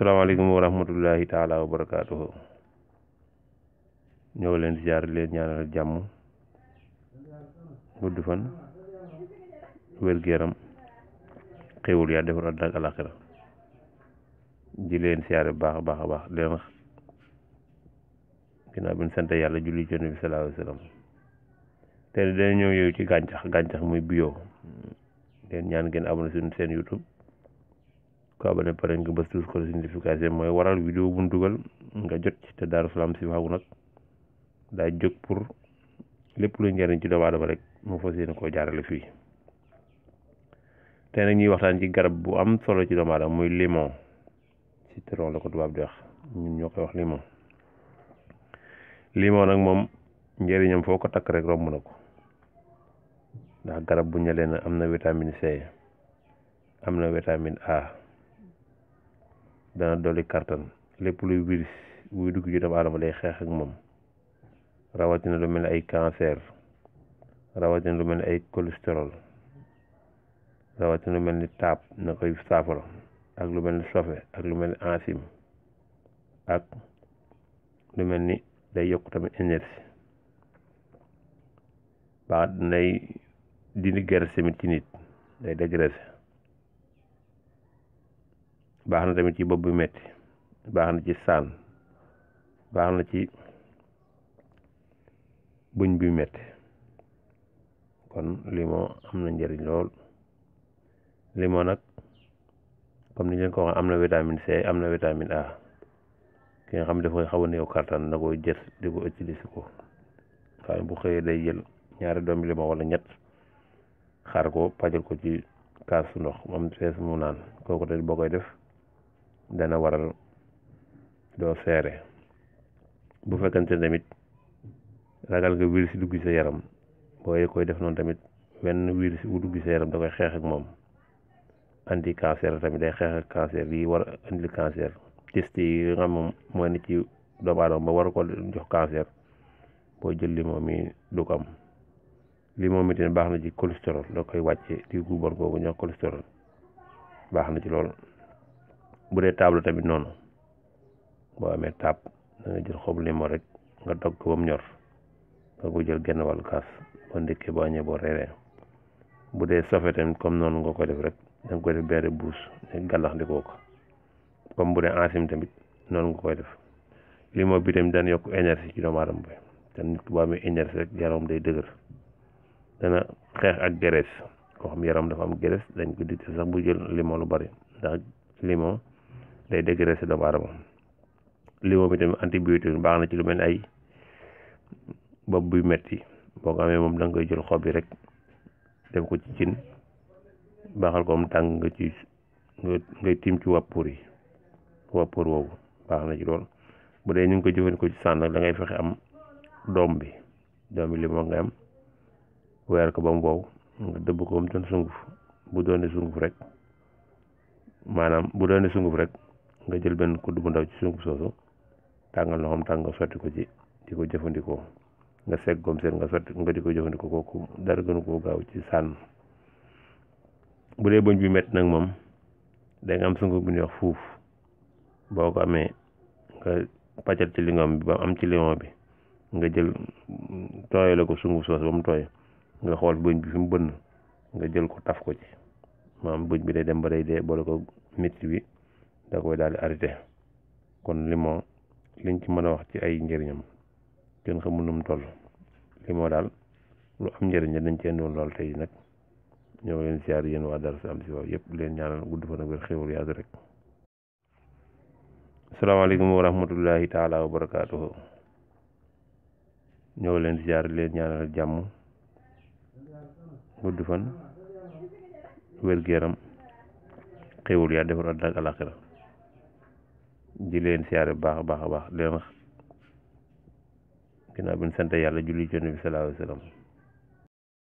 asalaamaaleykum wa rahmatullahi taala wa barakaatuhu ñoo leen ziar leen ñaanal jàmm gudd fan wér-gu-yaram xéwul yaa defar àddina ak alaxira di leen siyaare bu baax a baax a baax leen ginnaaw bi ñu sant yàlla julli ci nabi sallallahu alayhi wasallam te dana ci gàncax gàncax muy bio leen ñaan ngeen abonné suñu seen YouTube ko abonné pare nga bës tous ko notification mooy waral nga jot ci te Darou Salam si waxu nag daa jóg pour lépp lu njëriñ ci doomu aadama rek mu fas yéene koo jaarale fii tey nag ñuy waxtaan ci garab bu am solo ci doomu aadama muy limon citron la ko tubaab di wax ñoo koy wax limon limon nag moom njëriñam foo ko takk rek romb na ko ndax garab bu ñalee am na vitamine C am na vitamine A dana dolli kartan lépp luy virus buy dugg ci doomu aadama day xeex ak moom rawatina lu mel ni ay cancer rawatina lu mel ni ay cholestérol rawatina lu mel ni taab na koy saafara ak lu mel ni sofe ak lu mel ni enzyme ak lu mel ni day yokk tamit énergie baax nay dindi graisse tamit ci nit day dégraisser baax na tamit ci bopp bu metti baax na ci saan baax na ci buñ bi metti kon limon am na njariñ lool limo nag comme ni leen ko waxee am na vitamine C am na vitamine A ki xam ne dafa xaw a néew kattan na koy jël di ko utiliser ko waaye bu xëyee day jël ñaari doomi limon wala ñett xaar ko pajal ko ci kaasu ndox moom fees mu naan kooku tamit boo koy def dana waral doo seere bu fekkante tamit ragal nga virus dugg sa yaram booy koy def noonu tamit wenn virus bu dugg sa yaram da koy xeex ak moom anti cancer tamit day xeex ak cancer yi war a indi cancer test yi nga moom mooy nit ci doomu aadama war ko jox cancer boo jël limo mi du ko am limon mi tamit baax na ci cholestérol da koy wàcce ci guubar boobu ñoo cholestérol baax na ci lool bu dee taab la tamit noonu boo amee taab da jël xob limo rek nga dog ko ba mu ñor nga ko jël genn wal kaas boo ndékkee boo añee boo reeree bu dee sofe tamit comme noonu nga ko def rek da nga koy def benn buus gàllax ndikoo bu dee ensim tamit noonu nga koy def limo bi tamit daan yokk énergie ci doomu aadama bi boo amee énergie rek yaram day dëgër dana xeex ak gerees koo xam yaram dafa am gerees dañ ko dite sax bu jël limon lu bari ndax limon day dégraisser doomu aadama limon bi tamit antibiotique baax na ci lu mel ay bopp buy metti boo ko amee moom da koy jël xob yi rek def ko ci cin baaxal ko mu tàng nga ci nga ngay tiim ci wàppur yi wàppur woowu baax na ci lool bu dee ñu ngi ko jëfandikoo ci sànn nag da ngay fexe am doom bi doom bi limon nga am weer ko ba mu wow nga dëbb koom ba mu sunguf bu doone sunguf rek maanaam bu doone sunguf rek nga jël benn kudd bu ndaw ci sunguf soosu tàngal loxoom tàng nga sotti ko ci di ko jëfandikoo nga segg goom seen nga sotti nga di ko jëfandikoo kooku dara gënu koo gaaw ci sànn bu dee bëñ bi métti nag moom da nga am sunguf bu ñuy wax fuuf boo ko amee nga pàccal ci lingom bi ba am ci limon bi nga jël tooyale ko sunguf soosu ba mu tooy nga xool bëñ bi fi mu bënn nga jël ko taf ko ci maam bëñ bi day dem ba day dee boole ko métti bi da koy daal di arrêté kon limo liñ ci mën a wax ci ay njëriñam kenn xamul nu mu toll limon daal lu am njëriñ la dañ ci andoon lool tey nag ñoo leen siyaar yéen waa Darou Salam si waaw yëpp leen ñaanal gudd fan ak wér xéwal yaatu rek asalaamaaleykum wa rahmatullahi taala wa barakaatuhu ñoo leen siyaar jàmm gudd fan wér-gu-yaram xéwal di leen siyaare bu baax a baax a baax di leen wax ginnaaw sant yàlla julli ci Yonent bi salallaahu wa sallam